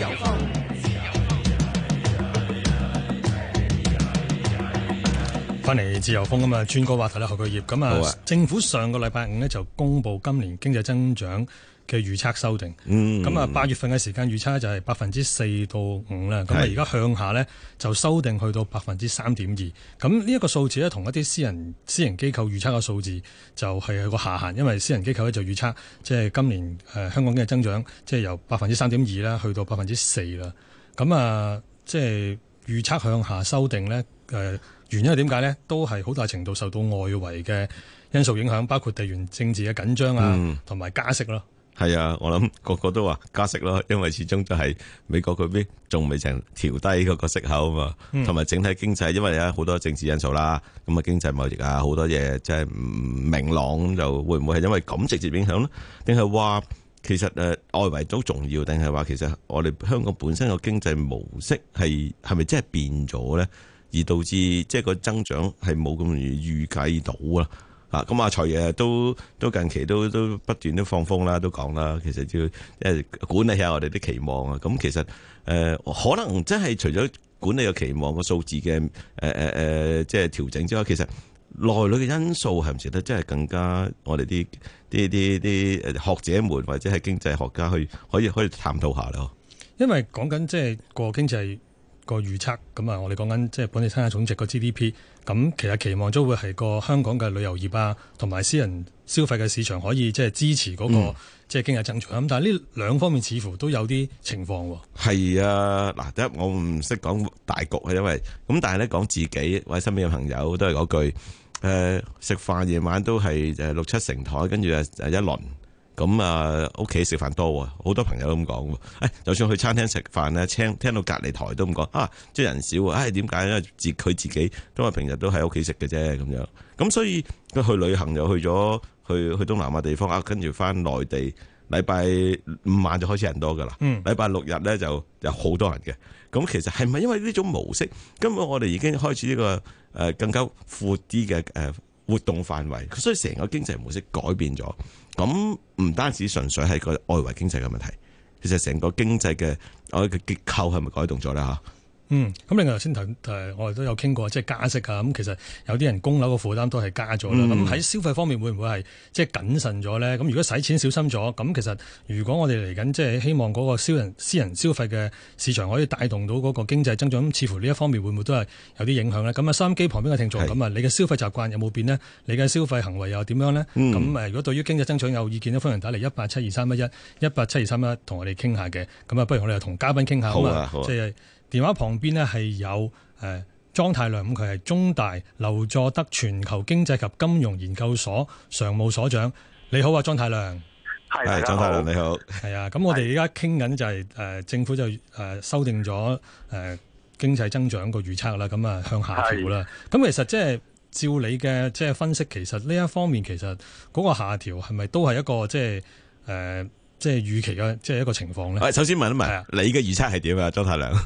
自由風，翻嚟自由風啊嘛！轉個話題啦，學個業咁啊，的政府上個禮拜五咧就公布今年經濟增長嘅預測修訂，咁啊八月份嘅時間預測就係百分之四到五啦。咁啊而家向下咧就修訂去到百分之三點二。咁呢一個數字咧，同一啲私人私人機構預測嘅數字就係個下限，因為私人機構咧就預測即係、就是、今年誒、呃、香港經濟增長即係由百分之三點二啦，去到百分之四啦。咁啊即係預測向下修訂咧誒、呃、原因係點解咧？都係好大程度受到外圍嘅因素影響，包括地緣政治嘅緊張啊，同埋、嗯、加息咯。係啊，我諗個個都話加息咯，因為始終都係美國嗰邊仲未曾調低嗰個息口啊嘛，同埋、嗯、整體經濟，因為有好多政治因素啦，咁啊經濟貿易啊好多嘢即係唔明朗，就會唔會係因為咁直接影響呢？定係話其實誒外圍都重要，定係話其實我哋香港本身個經濟模式係係咪真係變咗呢？而導致即係、就是、個增長係冇咁容易預計到啊？啊，咁阿財爺都都近期都都不斷都放風啦，都講啦，其實要誒管理下我哋啲期望啊。咁其實誒、呃、可能真係除咗管理個期望個數字嘅誒誒誒，即係調整之外，其實內裏嘅因素係唔係值得真係更加我哋啲啲啲啲學者們或者係經濟學家去可以可以，可以探討下咯？因為講緊即係個經濟。個預測咁啊，我哋講緊即係本地生產總值個 GDP，咁其實期望都會係個香港嘅旅遊業啊，同埋私人消費嘅市場可以即係支持嗰個即係經濟增長。咁、嗯、但係呢兩方面似乎都有啲情況喎。係啊，嗱，第一我唔識講大局，係因為咁，但係咧講自己，或者身邊嘅朋友都係嗰句，誒、呃、食飯夜晚都係誒六七成台，跟住誒一輪。咁啊！屋企食飯多，好多朋友都咁講。誒、哎，就算去餐廳食飯咧，聽聽到隔離台都咁講啊，即係人少。誒、哎，點解咧？自佢自己都話平日都喺屋企食嘅啫，咁樣。咁所以去旅行又去咗去去東南亞地方啊，跟住返內地。禮拜五晚就開始人多㗎喇，禮拜、嗯、六日咧就就好多人嘅。咁其實係咪因為呢種模式？根本我哋已經開始呢、這個誒、呃、更加闊啲嘅誒活動範圍，所以成個經濟模式改變咗。咁唔單止純，純粹係個外圍經濟嘅問題，其實成個經濟嘅我嘅結構係咪改動咗咧嚇？嗯，咁另外頭先誒，我哋都有傾過，即係加息啊。咁其實有啲人供樓嘅負擔都係加咗啦。咁喺、嗯、消費方面會唔會係即係謹慎咗咧？咁如果使錢小心咗，咁其實如果我哋嚟緊即係希望嗰個消人私人消費嘅市場可以帶動到嗰個經濟增長，咁似乎呢一方面會唔會都係有啲影響咧？咁啊，收音機旁邊嘅聽眾咁啊是，你嘅消費習慣有冇變呢？你嘅消費行為又點樣呢？咁誒、嗯，如果對於經濟增長有意見咧，歡迎打嚟一八七二三一一一八七二三一一同我哋傾下嘅。咁啊，不如我哋又同嘉賓傾下好嘛、啊，即係、啊。就是電話旁邊咧，係有誒、呃、莊太量，咁佢係中大劉佐德全球經濟及金融研究所常務所長。你好啊，莊太量。係、哎、莊太量，你好。係啊，咁我哋而家傾緊就係、是、誒、呃、政府就誒修訂咗誒經濟增長個預測啦，咁啊向下調啦。咁、哎、其實即、就、係、是、照你嘅即係分析，其實呢一方面其實嗰個下調係咪都係一個、呃、即係誒即係預期嘅即係一個情況咧、呃？首先問一問對你嘅預測係點啊，莊太量？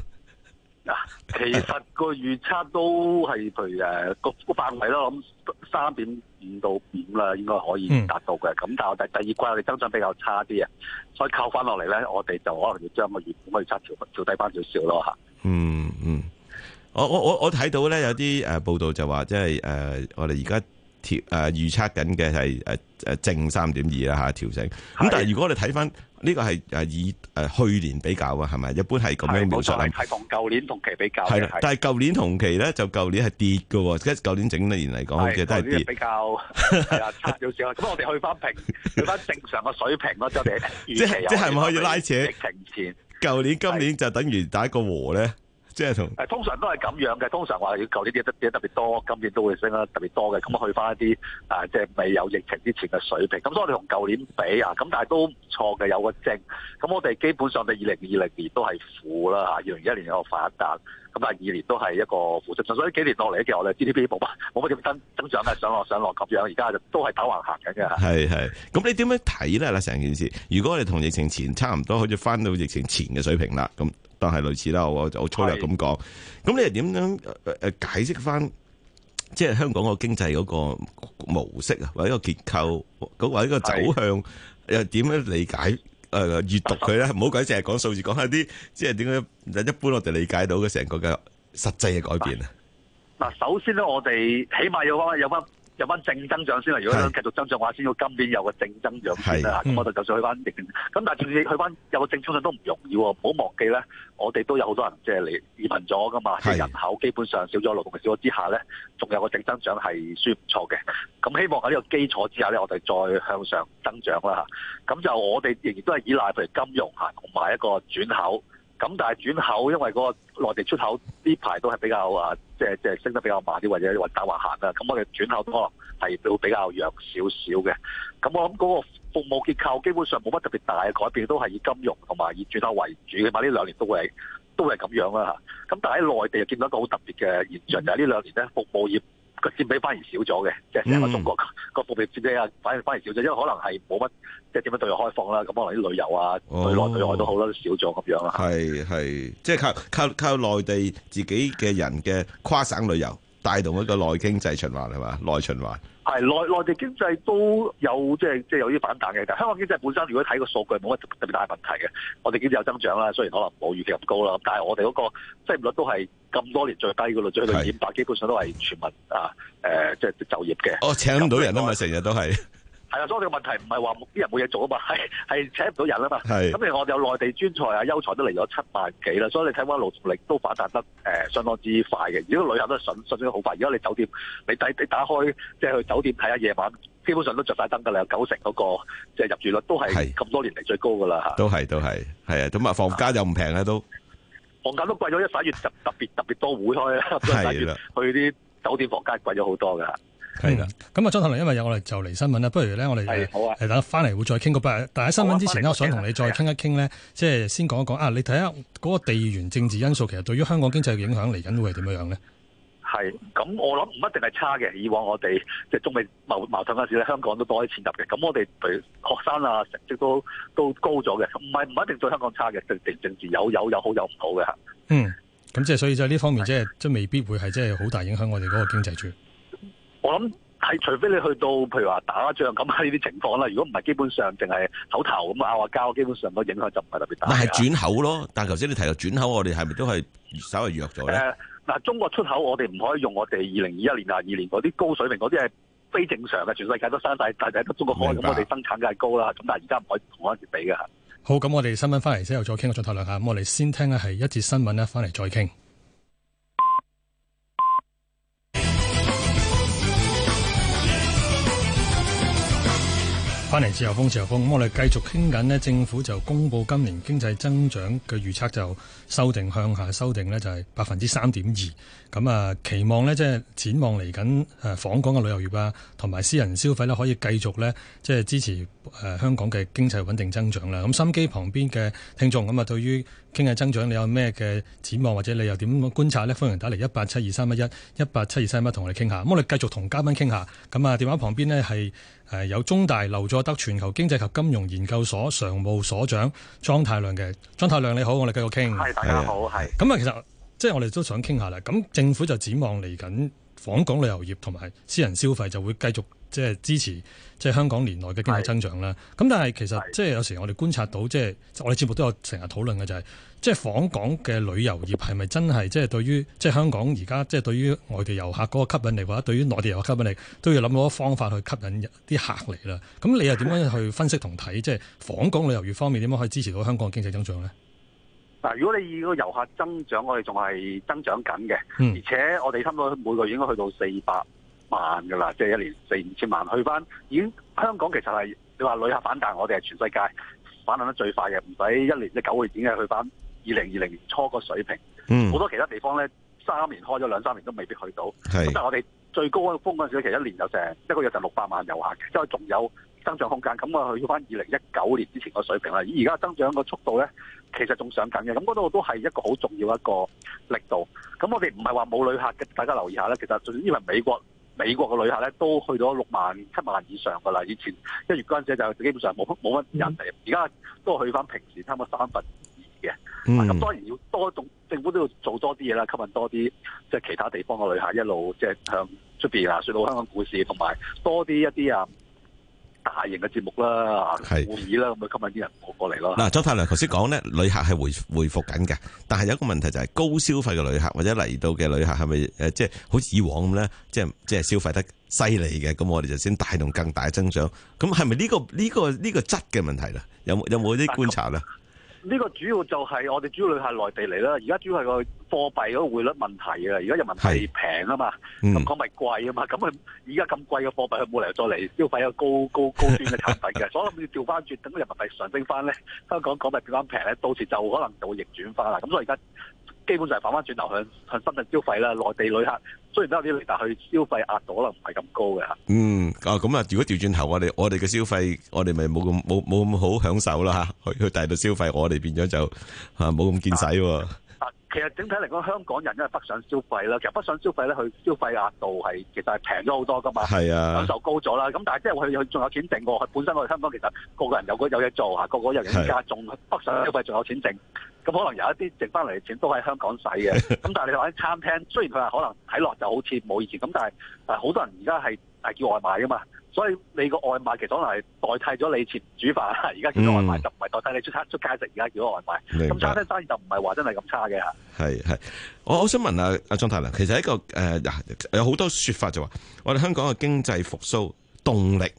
嗱， 其實個預測都係譬如誒、呃、個個範圍咯，我諗三點五到五啦，應該可以達到嘅。咁但係我第第二季我哋增長比較差啲啊，所以扣翻落嚟咧，我哋就可能要將個預預測調調低翻少少咯吓。嗯嗯，我我我我睇到咧有啲誒報道就話，即係誒、呃、我哋而家。調誒預測緊嘅係誒誒正三點二啦下調整，咁但係如果我哋睇翻呢個係誒以誒去年比較啊，係咪一般係咁樣描述？冇錯，係同舊年同期比較。係啦，但係舊年同期咧就舊年係跌嘅喎，即係舊年整一年嚟講，其實都係跌。比較有少少，咁我哋去翻平，去翻正常嘅水平咯，即係我哋預期啊，即係即係咪可以拉扯疫情前？舊年今年就等於打一個和咧。即係同誒，通常都係咁樣嘅。通常話要舊年啲嘢特別多，今年都會升得特別多嘅。咁去翻一啲誒、呃，即係未有疫情之前嘅水平。咁、嗯、所以我哋同舊年比啊，咁但係都唔錯嘅，有個正。咁、嗯、我哋基本上，我哋二零二零年都係負啦嚇。二零二一年有個反彈，咁、嗯、但係二年都係一個負值。所以呢幾年落嚟嘅其實我哋 GDP 冇乜冇乜點增增長嘅，上落上落咁樣。而家就都係打橫行緊嘅。係係。咁你點樣睇咧？啦成件事，如果你同疫情前差唔多，好似翻到疫情前嘅水平啦，咁。都係類似啦，我就好粗略咁講，咁你係點樣誒誒解釋翻，即係香港個經濟嗰個模式啊，或者個結構，嗰或者個走向，又點樣理解誒？閱讀佢咧，唔好鬼淨係講數字，講下啲即係點樣？一般我哋理解到嘅成個嘅實際嘅改變啊！嗱，首先咧，我哋起碼有翻有翻。有翻正增長先啦，如果繼續增長嘅話，先要今年有個正增長先啦。咁我哋就算去翻咁、嗯、但係仲要去翻有個正增長都唔容易喎、啊。唔好忘記咧，我哋都有好多人即係嚟移民咗噶嘛，即係的人口基本上少咗，勞動力少咗之下咧，仲有個正增長係算唔錯嘅。咁希望喺呢個基礎之下咧，我哋再向上增長啦嚇。咁就我哋仍然都係依賴譬如金融嚇、啊，同埋一個轉口。咁但係轉口，因為嗰個內地出口呢排都係比較啊，即係即係升得比較慢啲，或者或窄或行啦。咁我哋轉口都可能係都比較弱少少嘅。咁我諗嗰個服務結構基本上冇乜特別大嘅改變，都係以金融同埋以轉口為主嘅。嘛呢兩年都會係都會係咁樣啦嚇。咁但係喺內地又見到一個好特別嘅現象，嗯、就係呢兩年咧服務業。佢佔比反而少咗嘅，即係成個中國個服務佔比啊，反而反而少咗，因為可能係冇乜，即係點樣對外開放啦。咁可能啲旅遊啊，對內對外都好啦，都少咗咁樣啦。係係，即係靠靠靠內地自己嘅人嘅跨省旅遊。帶動一個內經濟循環係嘛？內循環係內內地經濟都有即係即係有啲反彈嘅，但香港經濟本身如果睇個數據冇乜特別大問題嘅，我哋經濟有增長啦，雖然可能冇預期咁高啦，但係我哋嗰個失業率都係咁多年最低嗰度，最低到二百基本上都係全民啊誒是、呃，即係就業嘅。我、哦、請唔到人啊嘛，成日、呃、都係。 係啊，所以個問題唔係話啲人冇嘢做啊嘛，係係請唔到人啊嘛。係咁，我哋有內地專才啊、優才都嚟咗七萬幾啦。所以你睇翻勞動力都反彈得誒、呃、相當之快嘅。如果旅遊都順順咗好快。而家你酒店你打你打開即係去酒店睇下夜晚，基本上都着晒燈㗎啦。有九成嗰、那個即係、就是、入住率都係咁多年嚟最高㗎啦嚇。都係都係係啊，咁啊房價又唔平啦都。房價都貴咗一十一月特別特別特別多會開啊，十一月去啲酒店房價貴咗好多㗎。係啦，咁啊，莊太量，因為有我哋就嚟新聞啦，不如咧，我哋係好啊，係等翻嚟會再傾個八。但喺新聞之前呢，我想同你再傾一傾咧，即係先講一講啊。你睇下嗰個地緣政治因素，其實對於香港經濟嘅影響嚟緊會係點樣樣咧？係，咁我諗唔一定係差嘅。以往我哋即係中美矛矛盾嗰陣時咧，香港都多啲錢入嘅。咁我哋，譬如學生啊，成績都都高咗嘅，唔係唔一定對香港差嘅。政政治有有有好有唔好嘅。嗯，咁即係所以，在呢方面，即係即未必會係即係好大影響我哋嗰個經濟住。我諗係，除非你去到，譬如話打仗咁樣呢啲情況啦。如果唔係，啊啊，基本上淨係口頭咁，啊，嗌交，基本上個影響就唔係特別大。咪係轉口咯？但係頭先你提到轉口，我哋係咪都係稍微弱咗咧？嗱，呃呃，中國出口我哋唔可以用我哋二零二一年啊二年嗰啲高水平，嗰啲係非正常嘅，全世界都升晒，但係都中國開咁明白，嗯，我哋生產梗係高啦。咁但係而家唔可以同嗰陣時比嘅。好，咁我哋新聞翻嚟之後再傾，再睇兩下。咁我哋先聽係一節新聞咧，翻嚟再傾。翻嚟自由風，自由風。咁我哋繼續傾緊咧，政府就公佈今年經濟增長嘅預測就修訂向下，修訂呢，就係百分之三點二。咁啊，期望呢，即係展望嚟緊誒，訪港嘅旅遊業啊，同埋私人消費呢，可以繼續呢，即係支持誒香港嘅經濟穩定增長啦。咁心機旁邊嘅聽眾咁啊，對於，傾下增長，你有咩嘅展望或者你又點樣觀察呢？歡迎打嚟一八七二三一一，一八七二三一一同我哋傾下。咁我哋繼續同嘉賓傾下。咁啊，電話旁邊呢係誒有中大劉佐德全球經濟及金融研究所常務所長莊太量嘅。莊太量你好，我哋繼續傾。係大家好，係。咁啊，是其實即係我哋都想傾下啦。咁政府就展望嚟緊，訪港旅遊業同埋私人消費就會繼續。即係支持，即係香港年內嘅經濟增長啦。咁是但係其實即係有時我哋觀察到，即係是我哋節目都有成日討論嘅，就係即係訪港嘅旅遊業係咪真係即係對於即係香港而家即係對於外地遊客嗰個吸引力，或者對於內地遊客吸引力，都要諗到個方法去吸引啲客嚟啦。咁你又點樣去分析同睇，即係訪港旅遊業方面點樣可以支持到香港嘅經濟增長咧？嗱，如果你以個遊客增長，我哋仲係增長緊嘅，嗯、而且我哋差唔多每個月應該去到四百萬㗎喇，即係、就是、一年四五千萬去翻，已經香港其實係你話旅客反彈我，我哋係全世界反彈得最快嘅，唔使一年一九個月點解去翻二零二零年初個水平。嗯，好多其他地方咧三年開咗兩三年都未必去到。係，但係我哋最高嘅峯嗰陣時，其實一年有成一個月就六百萬遊客嘅，即係仲有增長空間。咁啊，去翻二零一九年之前個水平啦。而家增長個速度咧，其實仲上緊嘅。咁嗰度都係一個好重要一個力度。咁我哋唔係話冇旅客嘅，大家留意下咧。其實因為美國。美國嘅旅客咧都去到六萬七萬以上嘅啦，以前一月陣時就基本上冇冇乜人嚟，而家、嗯、都去翻平時差唔多三分二嘅。咁、嗯啊、當然要多種政府都要做多啲嘢啦，吸引多啲即係其他地方嘅旅客一路即係、就是、向出邊啊，説好香港故事，同埋多啲一啲啊。大型嘅節目啦，會議啦，咁咪今日啲人冇過嚟咯。嗱，莊太量頭先講咧，旅客係回回復緊嘅，但係有一個問題就係高消費嘅旅客或者嚟到嘅旅客係咪誒，即係好似以往咁咧，即係即係消費得犀利嘅，咁我哋就先帶動更大嘅增長。咁係咪呢個呢個呢個質嘅問題啦？有有冇啲觀察咧？呢個主要就係我哋主要旅客內地嚟啦，而家主要係個貨幣嗰個匯率問題啊！而家人民幣平啊嘛，咁是港咪貴啊嘛，咁佢而家咁貴嘅貨幣，佢冇理由再嚟消費一個高高高端嘅產品嘅， 所以我要調翻轉，等個人民幣上升翻咧，香港港幣變翻平咧，到時就可能就會逆轉翻啦。咁所以而家基本上係反翻轉頭向向深圳消費啦，內地旅客。雖然得啲，但係消費額度可能唔係咁高嘅。嗯，啊咁啊，如果調轉頭，我哋我哋嘅消費，我哋咪冇咁冇冇咁好享受啦嚇。去去第二度消費，我哋變咗就嚇冇咁見使喎。啊，其實整體嚟講，香港人因為北上消費啦，其實北上消費咧，佢消費額度係其實係平咗好多噶嘛。係啊，享受高咗啦。咁但係即係佢仲有錢剩喎。本身我哋香港其實個個人有個人有嘢做嚇，個個日日加仲北上消費仲有錢剩。咁可能有一啲剩翻嚟嘅錢都喺香港使嘅，咁 但係你話喺餐廳，雖然佢話可能睇落就好似冇以前咁，但係啊好多人而家係係叫外賣㗎嘛，所以你個外賣其實可能係代替咗你切煮飯，而家叫咗外賣就唔係代替你出出街食，而家叫咗外賣，咁餐廳生意就唔係話真係咁差嘅。係係，我我想問阿、啊、阿莊太量，其實一個誒、呃，有好多説法就話我哋香港嘅經濟復甦動力，咁、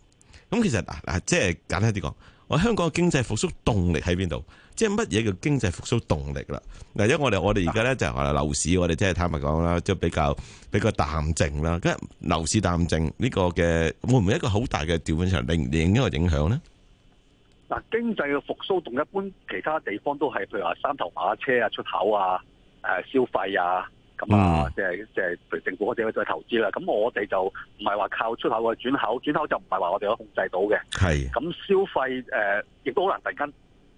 嗯、其實嗱、啊、即係簡單啲講，我香港嘅經濟復甦動力喺邊度？即係乜嘢叫經濟復甦動力啦？嗱，因為我哋我哋而家咧就係話樓市，我哋真係坦白講啦，即係比較比較淡靜啦。跟住樓市淡靜呢個嘅，會唔會一個好大嘅調盤場，另唔影響個影響咧？嗱，經濟嘅復甦同一般其他地方都係，譬如話三頭馬車啊、出口啊、誒、呃、消費、就是、啊，咁啊，即係即係政府或者再投資啦。咁我哋就唔係話靠出口去轉口，轉口就唔係話我哋可以控制到嘅。係咁是消費誒、呃，亦都好難突然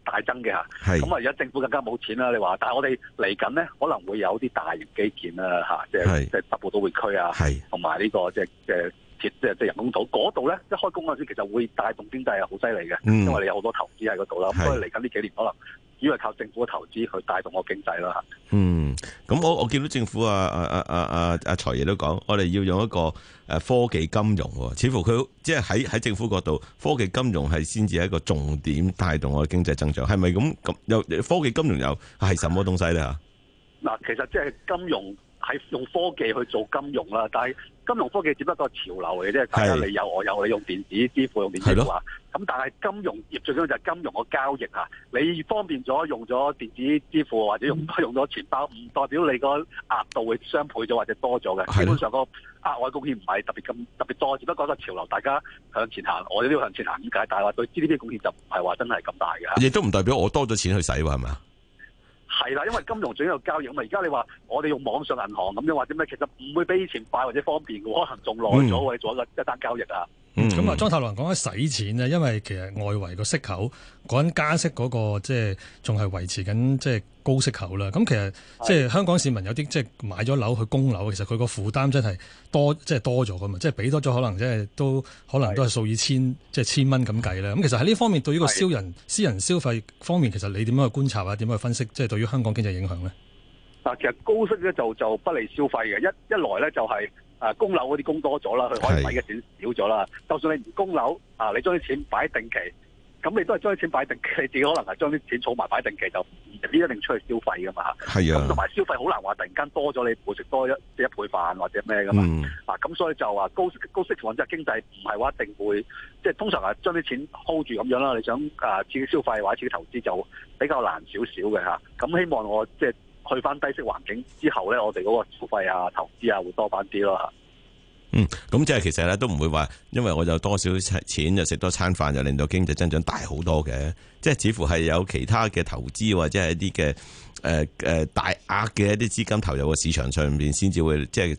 大增嘅嚇，咁啊而家政府更加冇錢啦。你話，但係我哋嚟緊咧可能會有啲大型基建啦嚇，即係即係北部都會區啊，同埋呢個即係即係即係即係人工島嗰度咧，一開工嗰陣時其實會帶動經濟係，好犀利嘅，因為你有好多投資喺嗰度啦。咁所以嚟緊呢幾年可能。主要係靠政府嘅投資去帶動我經濟啦嚇。嗯，咁我我見到政府啊啊啊啊啊啊財爺都講，我哋要用一個誒科技金融，似乎佢即係喺喺政府角度，科技金融係先至係一個重點帶動我經濟增長，係咪咁咁？又科技金融又係什麼東西咧嚇？嗱，其實即係金融係用科技去做金融啦，但係。金融科技只不過個潮流嚟啫，大家你有我有，你用電子支付用電子支付，咁的但係金融業最重要就係金融個交易啊。你方便咗用咗電子支付或者用用咗錢包，唔代表你個額度會雙倍咗或者多咗嘅。基本上個額外貢獻唔係特別咁特別多，只不過個潮流，大家向前行。我哋都要向前行，理解。但係話對 GDP 貢獻就唔係話真係咁大㗎。亦都唔代表我多咗錢去使喎，係咪？係啦，因為金融整一個交易，咁啊，而家你話我哋用網上銀行咁樣或者咩，其實唔會比以前快或者方便嘅，可能仲耐咗我哋做一個、嗯、做一個一單交易啊。咁啊，嗯嗯、莊太量講緊使錢咧，因為其實外圍個息口，講緊加息嗰、那個即係仲係維持緊即係高息口啦。咁其實即係的香港市民有啲即係買咗樓去供樓，其實佢個負擔真係多，即係多咗㗎嘛，即係俾多咗可能即係都可能都係數以千的即係千蚊咁計啦。咁其實喺呢方面對呢個私人的私人消費方面，其實你點樣去觀察啊？點樣去分析？即係對於香港經濟影響咧？啊，其實高息咧就就不利消費嘅。一一,一來咧就係、是。供樓嗰啲供多咗啦，佢可以買嘅錢少咗啦。是就算你唔供樓，啊，你將啲錢擺定期，咁你都係將啲錢擺定期，你自己可能係將啲錢儲埋擺定期就唔一定出去消費㗎嘛。係啊，同埋消費好難話突然間多咗，你會食多一即一倍飯或者咩㗎嘛、嗯啊就是。啊，咁所以就話高高息環境之下，經濟唔係話一定會即係通常係將啲錢 hold 住咁樣啦。你想啊自己消費或者自己投資就比較難少少嘅嚇。咁、啊、希望我即係。去翻低息環境之後咧，我哋嗰個消費啊、投資啊，會多翻啲咯嚇。嗯，咁即係其實咧都唔會話，因為我有多少錢就食多餐飯，就令到經濟增長大好多嘅。即係似乎係有其他嘅投資或者係一啲嘅誒誒大額嘅一啲資金投入嘅市場上面先至會即係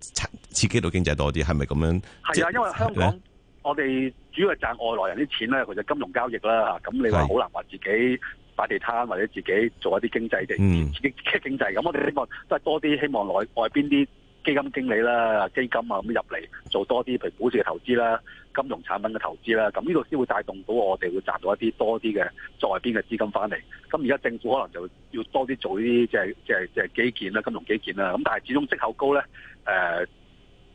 刺激到經濟多啲。係咪咁樣？係啊，因為香港的我哋主要係賺外來人啲錢咧，佢就金融交易啦嚇。咁你話好難話自己。擺地攤或者自己做一啲經濟嘅，自己經濟咁，嗯、我哋希望都係多啲希望內外邊啲基金經理啦、基金啊咁入嚟做多啲，譬如股市嘅投資啦、金融產品嘅投資啦，咁呢度先會帶動到我哋會賺到一啲多啲嘅在外邊嘅資金翻嚟。咁而家政府可能就要多啲做呢啲，即係即係即係基建啦、金融基建啦。咁但係始終息口高咧，誒、呃、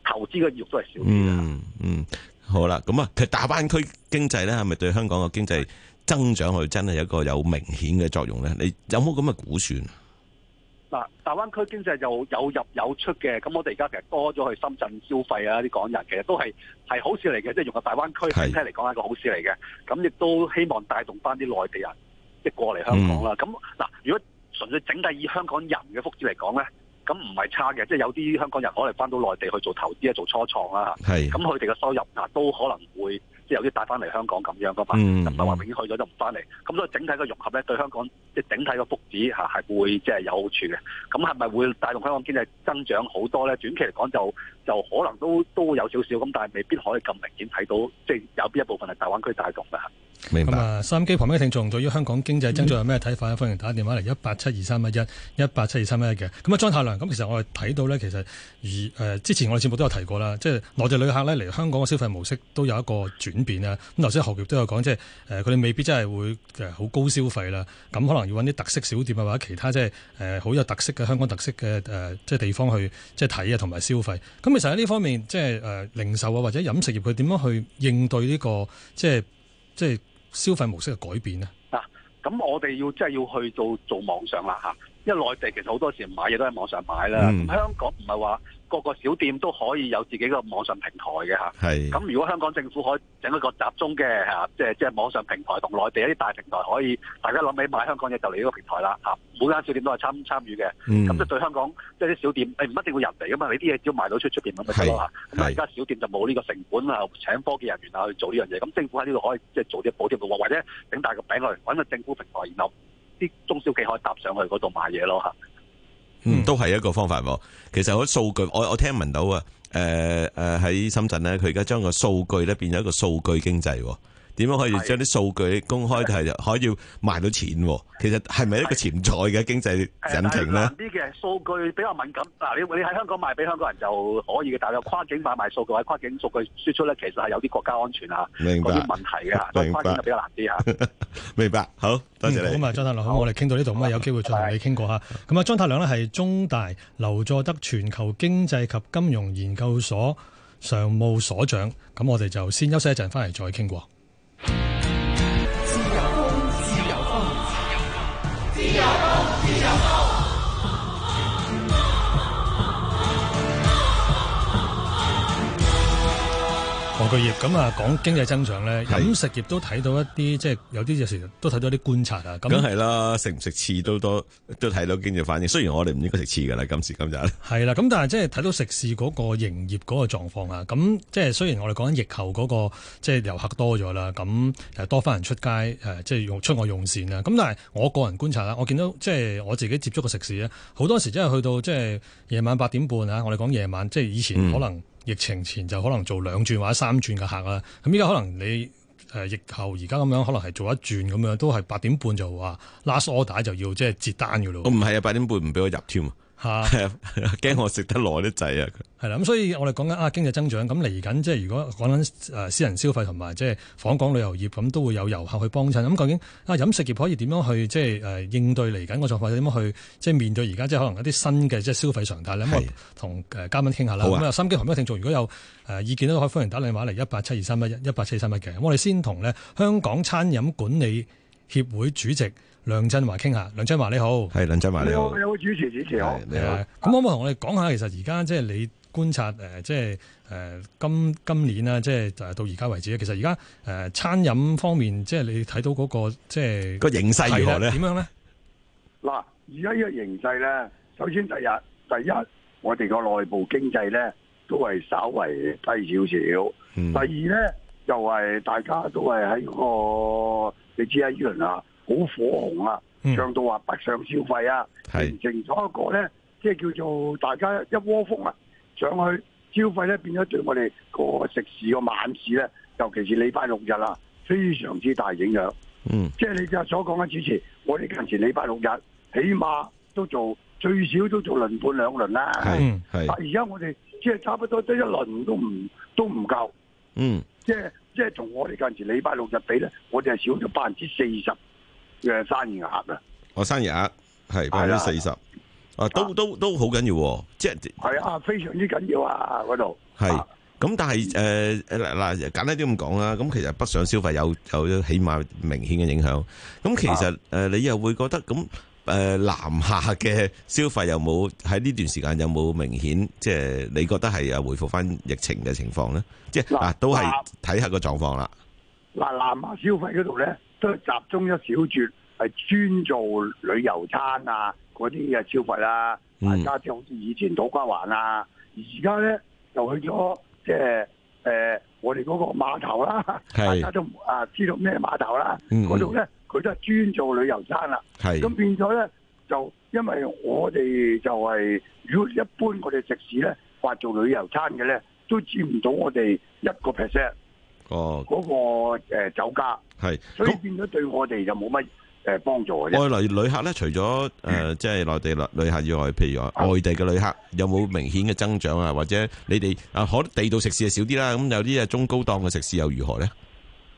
投資嘅意欲都係少啲。嗯，嗯，好啦，咁啊，其實大灣區經濟咧係咪對香港嘅經濟？嗯增長去真係有一個有明顯嘅作用咧，你有冇咁嘅估算？嗱，大灣區經濟又有入有出嘅，咁我哋而家其實多咗去深圳消費啊，啲港人其實都係係好事嚟嘅，即係用個大灣區整體嚟講係一個好事嚟嘅。咁是亦都希望帶動翻啲內地人即係過嚟香港啦。咁嗱、嗯，如果純粹整體以香港人嘅福祉嚟講咧，咁唔係差嘅，即係有啲香港人可能翻到內地去做投資啊，做初創啦，係咁佢哋嘅收入嗱都可能會。即係有啲帶翻嚟香港咁樣噶嘛，唔係話永遠去咗就唔翻嚟，咁所以整體嘅融合咧對香港即係整體嘅福祉嚇係會即係有好處嘅，咁係咪會帶動香港經濟增長好多咧？短期嚟講就就可能都都有少少，咁但係未必可以咁明顯睇到，即係有邊一部分係大灣區帶動嘅。明白。咁啊，收音機旁邊嘅聽眾，對於香港經濟增長有咩睇法咧？歡迎打電話嚟一八七二三一一，一八七二三一嘅。咁啊，莊太量，咁其實我哋睇到咧，其實而誒、呃、之前我哋節目都有提過啦，即係內地旅客咧嚟香港嘅消費模式都有一個轉變啊。咁頭先何傑都有講，即係誒佢哋未必真係會誒好高消費啦，咁可能要揾啲特色小店啊，或者其他即係誒好有特色嘅香港特色嘅誒即係地方去即係睇啊，同埋消費。咁其實喺呢方面，即係誒、呃、零售啊，或者飲食業，佢點樣去應對呢、這個即係即係？消費模式嘅改變咧，嗱、啊，咁我哋要即係要去做做網上啦嚇，因為內地其實好多時買嘢都喺網上買啦，嗯、香港唔係話個個小店都可以有自己個網上平台嘅嚇，咁是如果香港政府可以整一個集中嘅嚇，即係即係網上平台同內地一啲大平台可以，大家諗起買香港嘢就嚟呢個平台啦嚇，每間小店都係參參與嘅，咁、嗯、就係對香港即係啲小店，你、欸、唔一定會入嚟㗎嘛，你啲嘢只要賣到出出邊咁咪得咯嚇，但係而家小店就冇呢個成本啊，請科技人員啊去做呢樣嘢，咁政府喺呢度可以即係、就是、做啲補貼到，或者整大個餅嚟揾個政府平台，然後啲中小企可以搭上去嗰度買嘢咯嚇。嗯，都係一個方法。其實我啲數據，我我聽聞到啊，誒、呃、誒，喺、呃、深圳咧，佢而家將個數據咧變咗一個數據經濟。呃點樣可以將啲數據公開，就係可以賣到錢。其實係咪一個潛在嘅經濟引擎咧？係難啲嘅數據比較敏感。嗱，你你喺香港賣俾香港人就可以嘅，但係跨境買賣數據或者跨境數據輸出咧，其實係有啲國家安全啊，嗰啲問題嘅吓，所以跨境就比較難啲啊。明白，好多謝你。咁啊，莊太量，我哋傾到呢度，咁啊，有機會再同你傾過吓。咁啊，莊太量咧係中大劉佐德全球經濟及金融研究所常務所長。咁我哋就先休息一陣，翻嚟再傾過。業咁啊，講經濟增長咧，飲食業都睇到一啲，是即係有啲有時都睇到啲觀察啊。咁梗係啦，食唔食刺都多都都睇到經濟反應。雖然我哋唔應該食刺噶啦，今時今日。係啦，咁但係即係睇到食肆嗰個營業嗰個狀況啊。咁即係雖然我哋講緊疫後嗰個，即係遊客多咗啦，咁誒多翻人出街誒，即係用出外用膳啊。咁但係我個人觀察啦，我見到即係我自己接觸嘅食肆啊，好多時即係去到即係夜晚八點半啊，我哋講夜晚，即係以前可能。嗯疫情前就可能做兩轉或者三轉嘅客啦，咁依家可能你誒疫、呃、後而家咁樣可能係做一轉咁樣，都係八點半就話 last order 就要即係截單嘅咯。我唔係啊，八點半唔俾我入添啊！嚇！驚我食得耐啲滯啊！係啦， 咁所以我哋講緊啊經濟增長咁嚟緊，即係如果講緊誒私人消費同埋即係訪港旅遊業咁，都會有遊客去幫襯。咁究竟啊飲食業可以點樣去即係誒應對嚟緊個狀況？點樣去即係面對而家即係可能一啲新嘅即係消費常態咧？的我同誒嘉賓傾下啦。咁啊，心機旁邊嘅聽眾如果有誒意見都可以歡迎打電話嚟一八七二三一一八七二三一嘅。我哋先同呢香港餐務管理協會主席。梁振華，傾下梁振華你好，係梁振華你好，你好，主持，主持好，你好。咁、呃、可唔可以同我哋講下其、呃，其實而家即係你觀察誒，即係誒今今年啦，即係到而家為止其實而家誒餐飲方面，即係你睇到嗰、嗰個即係個形勢如何咧？點樣咧？嗱，而家呢個形勢咧，首先第一，第一，我哋個內部經濟咧都係稍為低少少。嗯、第二咧，就係、是、大家都係喺、個你知啦，依輪啊。好火紅啊嗯、上到話北上消費啊形成咗一個咧，即係叫做大家一窩蜂，蜂啊上去消費咧，變咗對我哋個食肆個晚市咧，尤其是禮拜六日啊，非常之大影響。嗯，即係你嘅所講嘅，主持我哋近時禮拜六日起碼都做最少都做輪半兩輪啦。係係是，但而家我哋即係差唔多得一輪都唔都唔夠。嗯，即係即係同我哋近時禮拜六日比咧，我哋係少咗百分之四十。嘅生意額啦，我生意額係百分之四十，啊都都都好緊要，即係係啊非常之緊要啊嗰度，係咁但係誒嗱簡單啲咁講啦，咁其實北上消費有有起碼明顯嘅影響，咁其實誒你又會覺得咁誒南下嘅消費有冇喺呢段時間有冇明顯，即係你覺得係啊回復翻疫情嘅情況咧？即係啊都係睇下個狀況啦。嗱南下消費嗰度咧。都集中咗小撮係專做旅遊餐啊，嗰啲嘅消費啦，大家就好似以前土瓜灣啊，而家咧就去咗即係誒我哋嗰個碼頭啦、啊，大家都啊知道咩碼頭啦、啊，嗰度咧佢都係專做旅遊餐啦、啊，咁是變咗咧就因為我哋就係、是、如果一般我哋食肆咧或做旅遊餐嘅咧，都佔唔到我哋一個 percent。哦，嗰個誒酒家係，是所以變咗對我哋就冇乜誒幫助。外來旅客咧，除咗誒、嗯呃、即係內地旅旅客以外，譬如話外地嘅旅客有冇明顯嘅增長啊？或者你哋啊，可地道食肆係少啲啦。咁有啲啊，中高檔嘅食肆又如何咧？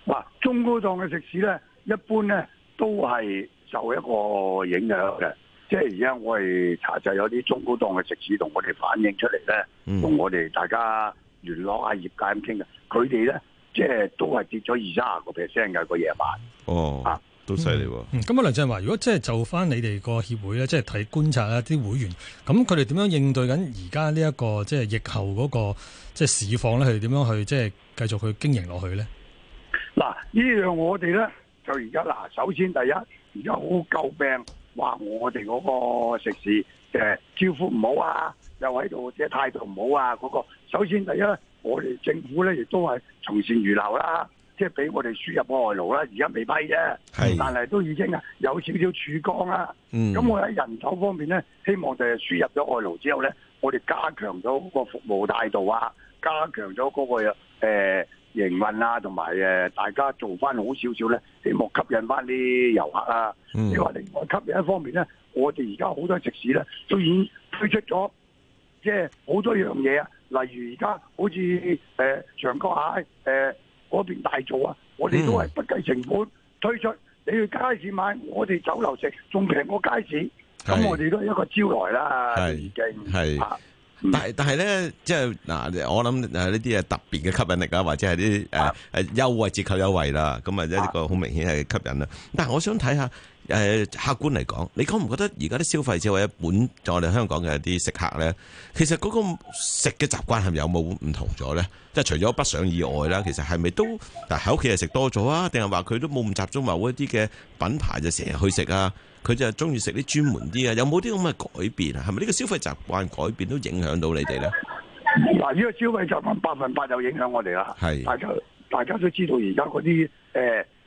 哇，中高檔嘅食肆咧，一般咧都係受一個影響嘅。即係而家我哋查實就有啲中高檔嘅食肆同我哋反映出嚟咧，同、嗯、我哋大家聯絡下業界咁傾嘅，佢哋咧。即係都係跌咗二三十個 percent 嘅個夜晚哦，啊，都犀利喎！咁、嗯、啊，梁振華，如果即係就返你哋個協會咧，即係睇觀察咧，啲會員咁，佢哋點樣應對緊而家呢一個即係疫後嗰、那個即係市況咧？佢哋點樣去即係繼續去經營落去咧？嗱，呢樣我哋咧就而家嗱，首先第一，而家好詬病，話我哋嗰個食肆誒、呃、招呼唔好啊，又喺度即係態度唔好啊，嗰、那個首先第一。我哋政府咧亦都係從善如流啦，即係俾我哋輸入外勞啦，而家未批啫，是但係都已經啊有少少曙光啦。咁、嗯、我喺人手方面咧，希望就係輸入咗外勞之後咧，我哋加強咗個服務態度啊，加強咗嗰、那個誒、呃、營運啊，同埋誒大家做翻好少少咧，希望吸引翻啲遊客啦、啊。嗯、你話另外吸引一方面咧，我哋而家好多食肆咧，都已經推出咗，即係好多樣嘢啊！例如而家好似誒、呃、長江蟹誒嗰邊大做啊，我哋都係不計成本推出，你去街市買，我哋酒樓食仲平過街市，咁我哋都係一個招來啦，是已經係。嗯、但係但係咧，即係嗱，我諗誒呢啲係特別嘅吸引力啊，或者係啲誒誒優惠折扣優惠啦，咁啊一個好明顯係吸引啦。但係我想睇下誒、呃、客觀嚟講，你覺唔覺得而家啲消費者或者本我哋香港嘅啲食客咧，其實嗰個食嘅習慣係咪有冇唔同咗咧？即係除咗不想以外啦，其實係咪都嗱喺屋企係食多咗啊？定係話佢都冇咁集中某一啲嘅品牌就成日去食啊？佢就係中意食啲專門啲啊！有冇啲咁嘅改變啊？係咪呢個消費習慣改變都影響到你哋咧？嗱，呢個消費習慣百分百有影響我哋啦。係是，大家大家都知道而家嗰啲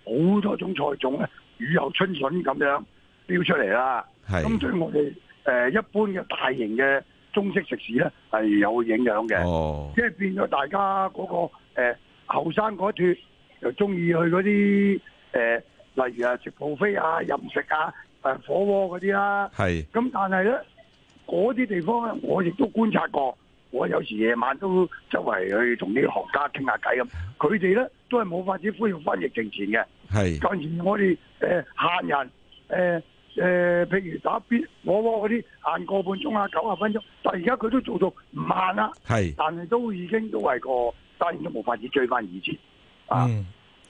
誒好多種菜種咧，雨後春筍咁樣飆出嚟啦。係是，咁對我哋誒、呃、一般嘅大型嘅中式食肆咧係有影響嘅。哦，即係變咗大家嗰、那個誒後生嗰一脱又中意去嗰啲誒，例如啊食 buffet 啊、任食啊。火鍋嗰啲啦，係咁是，但係咧，嗰啲地方咧，我亦都觀察過，我有時夜晚都周圍去同啲行家傾下偈咁，佢哋咧都係冇法子恢復翻疫情前嘅。係是，但而我哋誒限人，誒、呃、誒、呃，譬如打邊火鍋嗰啲限個半鐘啊，九十分鐘，但係而家佢都做到唔限啦。係是，但係都已經都係個當然都冇法子追翻以前。嗯，啊、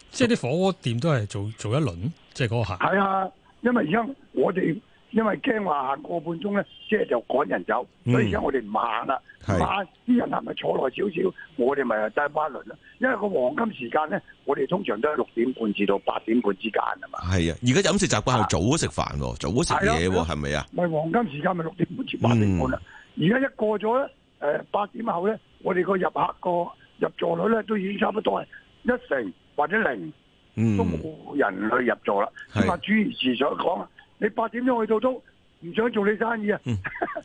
即係啲火鍋店都係做做一輪，即係嗰個客。係啊。因為而家我哋因為驚話行個半鐘咧，即係就趕人走，嗯、所以而家我哋唔行啦。晚啲是人係咪坐耐少少，我哋咪又揸翻輪咯。因為個黃金時間咧，我哋通常都係六點半至到八點半之間啊嘛。係啊，而家飲食習慣係早啲食飯，早食嘢係咪啊？咪黃金時間咪六點半至八點半啦。而家、嗯、一過咗咧，誒八點後咧，我哋個入客個入座率咧都已經差唔多係一成或者零。都冇人去入座啦。咁是主持人所講啊，你八點鐘去到都唔想做你生意，嗯、啊，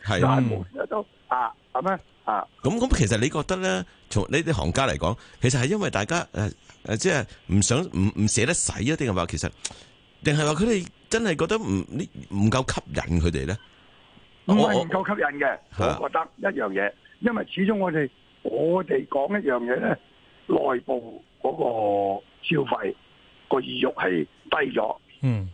但係冇得做啊，咁咧啊。咁咁，其實你覺得咧，從呢啲行家嚟講，其實係因為大家誒誒，啊啊啊啊，即係唔想唔唔捨得使一定係話其實，定係話佢哋真係覺得唔唔夠吸引佢哋咧？唔係唔夠吸引嘅，我覺得一樣嘢，啊、因為始終我哋我哋講一樣嘢咧，內部嗰個消費。個意欲係低咗，嗯，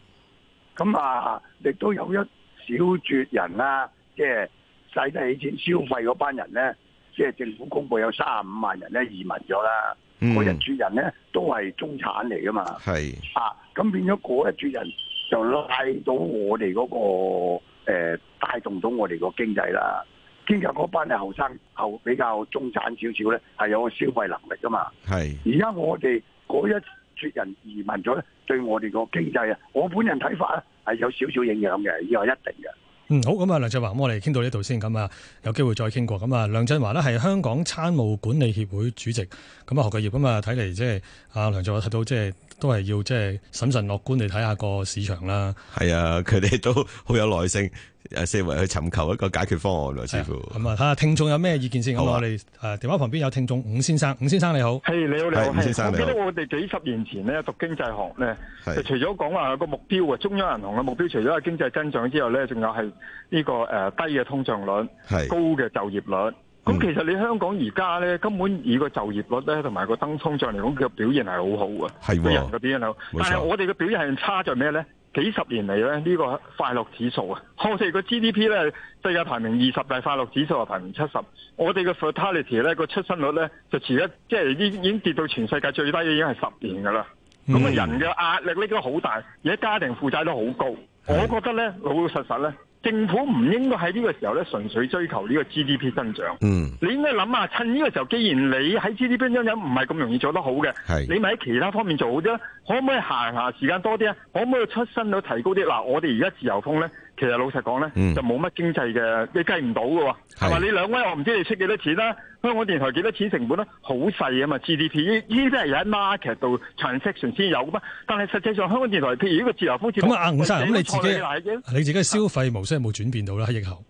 咁啊，亦都有一小撮人啦、啊。即係使得起錢消費嗰班人咧，即係政府公布有三十五萬人咧移民咗啦，嗰、嗯、一撮人咧都係中產嚟噶嘛，係是啊，咁變咗嗰一撮人就拉到我哋嗰、那個誒帶、呃、動到我哋個經濟啦，兼夾嗰班嘅後生後比較中產少少咧，係有個消費能力噶嘛，係是，而家我哋嗰一説人移民咗咧，對我哋個經濟啊，我本人睇法咧係有少少影響嘅，又一定嘅。嗯，好，咁、嗯、啊，梁振華，我哋傾到呢度先咁啊、嗯，有機會再傾過。咁、嗯、啊，梁振華呢係香港餐務管理協會主席，咁啊何繼業咁啊，睇嚟即係阿梁振華睇到即係、呃、都係要即係、呃、審慎樂觀嚟睇下個市場啦。係啊，佢哋都好有耐性。誒，四圍去尋求一個解決方案咯，師傅。咁啊，睇下聽眾有咩意見先。好，我哋誒，電話旁邊有聽眾，伍先生，伍先生你好。係你好，你好，伍先生你好。我記得我哋幾十年前咧讀經濟學咧，Hey. 除咗講話個目標啊，中央銀行嘅目標，除咗係經濟增長之外咧，仲有係呢個誒低嘅通脹率，Hey. 高嘅就業率。咁 Hey,、嗯、其實你香港而家咧，根本以個就業率咧，同埋個登通脹嚟講，佢嘅表現係好好嘅。係，佢表現好。冇錯。但係我哋嘅表現係差在咩咧？幾十年嚟咧，呢、這個快樂指數啊，我哋個 GDP 咧，世界排名二十大快樂指數啊，排名七十。我哋嘅 fertility 咧，個出生率咧，就遲一，即係已經已經跌到全世界最低，已經係十年噶啦。咁啊，人嘅壓力呢都好大，而家家庭負債都好高。我覺得咧，老老實實咧。政府唔應該喺呢個時候咧，純粹追求呢個 GDP 增長。嗯，你應該諗下，趁呢個時候，既然你喺 GDP 增長唔係咁容易做得好嘅，是你咪喺其他方面做好啲咯。可唔可以行下時間多啲啊？可唔可以出身都提高啲？嗱，我哋而家自由風咧。其實老實講咧，就冇乜經濟嘅，你計唔到嘅喎。係你兩位我唔知你出幾多錢啦？香港電台幾多錢成本咧？好細啊嘛，GDP 呢啲係喺 market 度 transaction 先有嘅嘛。但係實際上香港電台，譬如呢個自由風，咁啊，吳生咁你自己你自己消費模式有冇轉變到啦？喺疫後，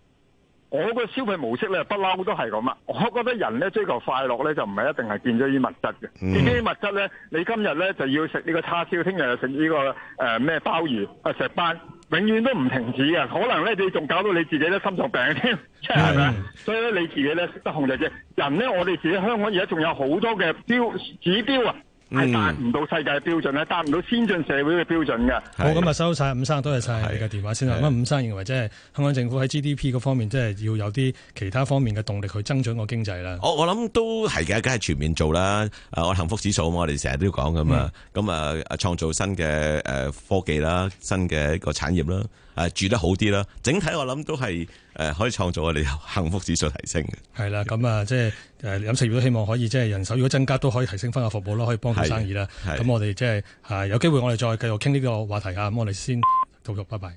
我個消費模式咧不嬲都係咁啦。我覺得人咧追求快樂咧就唔係一定係建咗啲物質嘅。咗啲物質咧，你今日咧就要食呢個叉燒，聽日要食呢個誒咩鮑魚啊石斑。永遠都唔停止嘅，可能咧你仲搞到你自己咧心臟病添， 吧 所以咧你自己咧識得控制啫。人咧，我哋自己香港而家仲有好多嘅指標啊。係達唔到世界標準咧，達唔到先進社會嘅標準嘅。好，咁啊收晒，伍生多謝晒你嘅電話先啦。咁啊，伍生認為即係香港政府喺 GDP 嘅方面，即係要有啲其他方面嘅動力去增長個經濟啦。我我諗都係嘅，梗係全面做啦。誒，我幸福指數嘛，我哋成日都講噶嘛。咁啊，創造新嘅誒科技啦，新嘅一個產業啦。誒住得好啲啦，整體我諗都係誒可以創造我哋幸福指數提升嘅。係啦，咁啊，即係飲食業都希望可以，即係人手如果增加都可以提升翻個服務咯，可以幫到生意啦。咁我哋即係誒有機會我哋再繼續傾呢個話題啊。咁我哋先結束，拜拜。